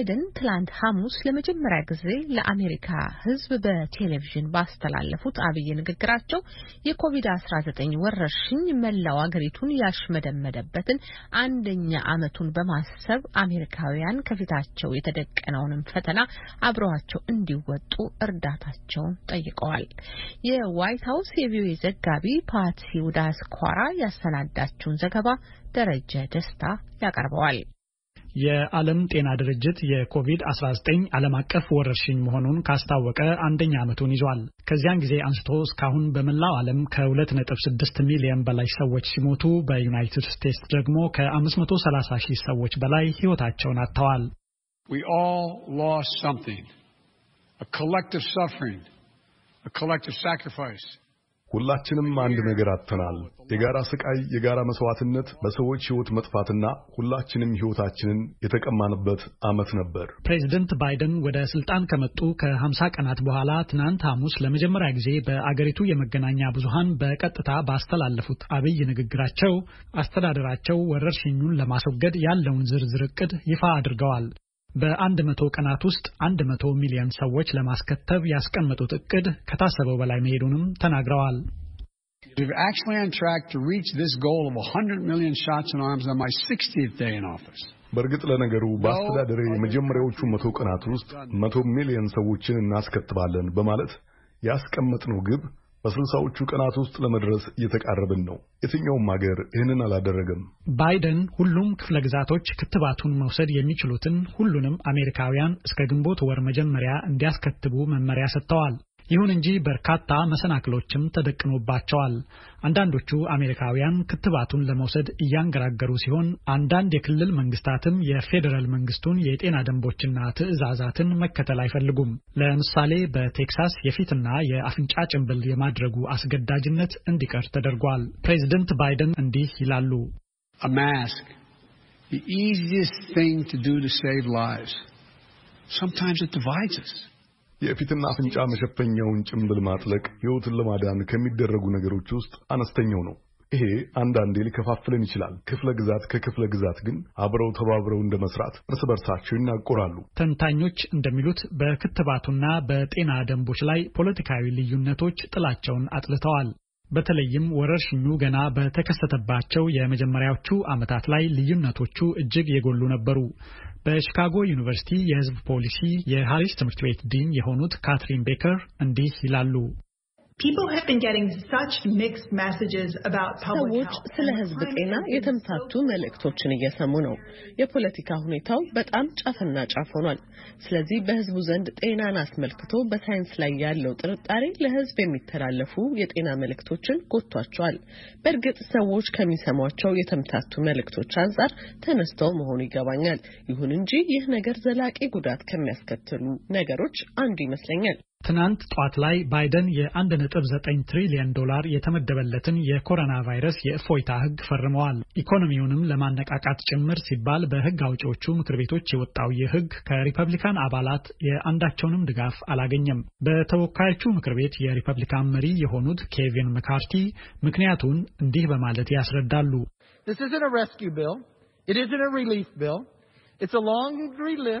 ባይደን ትላንት ሐሙስ ለመጀመሪያ ጊዜ ለአሜሪካ ሕዝብ በቴሌቪዥን ባስተላለፉት አብይ ንግግራቸው የኮቪድ-19 ወረርሽኝ መላው አገሪቱን ያሽመደመደበትን አንደኛ ዓመቱን በማሰብ አሜሪካውያን ከፊታቸው የተደቀነውንም ፈተና አብረዋቸው እንዲወጡ እርዳታቸውን ጠይቀዋል። የዋይት ሀውስ የቪኦኤ ዘጋቢ ፓትሲ ውዳስኳራ ያሰናዳችውን ዘገባ ደረጀ ደስታ ያቀርበዋል። የዓለም ጤና ድርጅት የኮቪድ-19 ዓለም አቀፍ ወረርሽኝ መሆኑን ካስታወቀ አንደኛ ዓመቱን ይዟል። ከዚያን ጊዜ አንስቶ እስካሁን በመላው ዓለም ከ2.6 ሚሊዮን በላይ ሰዎች ሲሞቱ በዩናይትድ ስቴትስ ደግሞ ከ530 ሺህ ሰዎች በላይ ሕይወታቸውን አጥተዋል። We all lost something. A collective suffering, a collective sacrifice. ሁላችንም አንድ ነገር አጥተናል። የጋራ ስቃይ፣ የጋራ መስዋዕትነት፣ በሰዎች ሕይወት መጥፋትና ሁላችንም ሕይወታችንን የተቀማንበት ዓመት ነበር። ፕሬዚደንት ባይደን ወደ ስልጣን ከመጡ ከ50 ቀናት በኋላ ትናንት ሐሙስ ለመጀመሪያ ጊዜ በአገሪቱ የመገናኛ ብዙሃን በቀጥታ ባስተላለፉት አብይ ንግግራቸው አስተዳደራቸው ወረርሽኙን ለማስወገድ ያለውን ዝርዝር ዕቅድ ይፋ አድርገዋል። በአንድ መቶ ቀናት ውስጥ አንድ መቶ ሚሊዮን ሰዎች ለማስከተብ ያስቀመጡት እቅድ ከታሰበው በላይ መሄዱንም ተናግረዋል። We're actually on track to reach this goal of 100 million shots in arms on my 60th day in office. በእርግጥ ለነገሩ በአስተዳደር oh, የመጀመሪያዎቹ መቶ ቀናት ውስጥ መቶ ሚሊዮን ሰዎችን እናስከትባለን በማለት ያስቀመጥነው ግብ በስልሳዎቹ ቀናት ውስጥ ለመድረስ እየተቃረብን ነው። የትኛውም ሀገር ይህንን አላደረገም። ባይደን ሁሉም ክፍለ ግዛቶች ክትባቱን መውሰድ የሚችሉትን ሁሉንም አሜሪካውያን እስከ ግንቦት ወር መጀመሪያ እንዲያስከትቡ መመሪያ ሰጥተዋል። ይሁን እንጂ በርካታ መሰናክሎችም ተደቅኖባቸዋል። አንዳንዶቹ አሜሪካውያን ክትባቱን ለመውሰድ እያንገራገሩ ሲሆን፣ አንዳንድ የክልል መንግስታትም የፌዴራል መንግስቱን የጤና ደንቦችና ትዕዛዛትን መከተል አይፈልጉም። ለምሳሌ በቴክሳስ የፊትና የአፍንጫ ጭንብል የማድረጉ አስገዳጅነት እንዲቀር ተደርጓል። ፕሬዚደንት ባይደን እንዲህ ይላሉ። The easiest thing to do to save lives. Sometimes it divides us. የፊትና አፍንጫ መሸፈኛውን ጭምብል ማጥለቅ ሕይወትን ለማዳን ከሚደረጉ ነገሮች ውስጥ አነስተኛው ነው። ይሄ አንዳንዴ ሊከፋፍለን ይችላል። ክፍለ ግዛት ከክፍለ ግዛት ግን አብረው ተባብረው እንደ መስራት እርስ በርሳቸው ይናቆራሉ። ተንታኞች እንደሚሉት በክትባቱና በጤና ደንቦች ላይ ፖለቲካዊ ልዩነቶች ጥላቸውን አጥልተዋል። በተለይም ወረርሽኙ ገና በተከሰተባቸው የመጀመሪያዎቹ ዓመታት ላይ ልዩነቶቹ እጅግ የጎሉ ነበሩ። በሺካጎ ዩኒቨርሲቲ የሕዝብ ፖሊሲ የሃሪስ ትምህርት ቤት ዲን የሆኑት ካትሪን ቤከር እንዲህ ይላሉ። ሰዎች ስለ ሕዝብ ጤና የተምታቱ መልእክቶችን እየሰሙ ነው። የፖለቲካ ሁኔታው በጣም ጫፍና ጫፍ ሆኗል። ስለዚህ በሕዝቡ ዘንድ ጤናን አስመልክቶ በሳይንስ ላይ ያለው ጥርጣሬ ለሕዝብ የሚተላለፉ የጤና መልእክቶችን ጎቷቸዋል። በእርግጥ ሰዎች ከሚሰሟቸው የተምታቱ መልእክቶች አንጻር ተነስተው መሆኑ ይገባኛል። ይሁን እንጂ ይህ ነገር ዘላቂ ጉዳት ከሚያስከትሉ ነገሮች አንዱ ይመስለኛል። ትናንት ጧት ላይ ባይደን የ1.9 ትሪሊየን ዶላር የተመደበለትን የኮሮና ቫይረስ የእፎይታ ሕግ ፈርመዋል። ኢኮኖሚውንም ለማነቃቃት ጭምር ሲባል በሕግ አውጪዎቹ ምክር ቤቶች የወጣው ይህ ሕግ ከሪፐብሊካን አባላት የአንዳቸውንም ድጋፍ አላገኘም። በተወካዮቹ ምክር ቤት የሪፐብሊካን መሪ የሆኑት ኬቪን መካርቲ ምክንያቱን እንዲህ በማለት ያስረዳሉ። This isn't a rescue bill. It isn't a relief bill.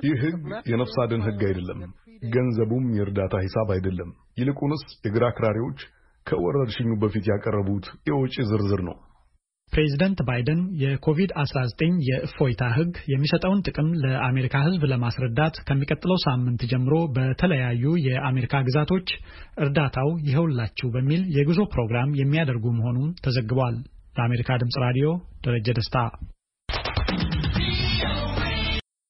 ይህ ህግ የነፍስ አድን ህግ አይደለም። ገንዘቡም የእርዳታ ሂሳብ አይደለም። ይልቁንስ የግራ አክራሪዎች ከወረርሽኙ በፊት ያቀረቡት የውጪ ዝርዝር ነው። ፕሬዚደንት ባይደን የኮቪድ-19 የእፎይታ ህግ የሚሰጠውን ጥቅም ለአሜሪካ ህዝብ ለማስረዳት ከሚቀጥለው ሳምንት ጀምሮ በተለያዩ የአሜሪካ ግዛቶች እርዳታው ይኸውላችሁ በሚል የጉዞ ፕሮግራም የሚያደርጉ መሆኑን ተዘግቧል። ለአሜሪካ ድምፅ ራዲዮ ደረጀ ደስታ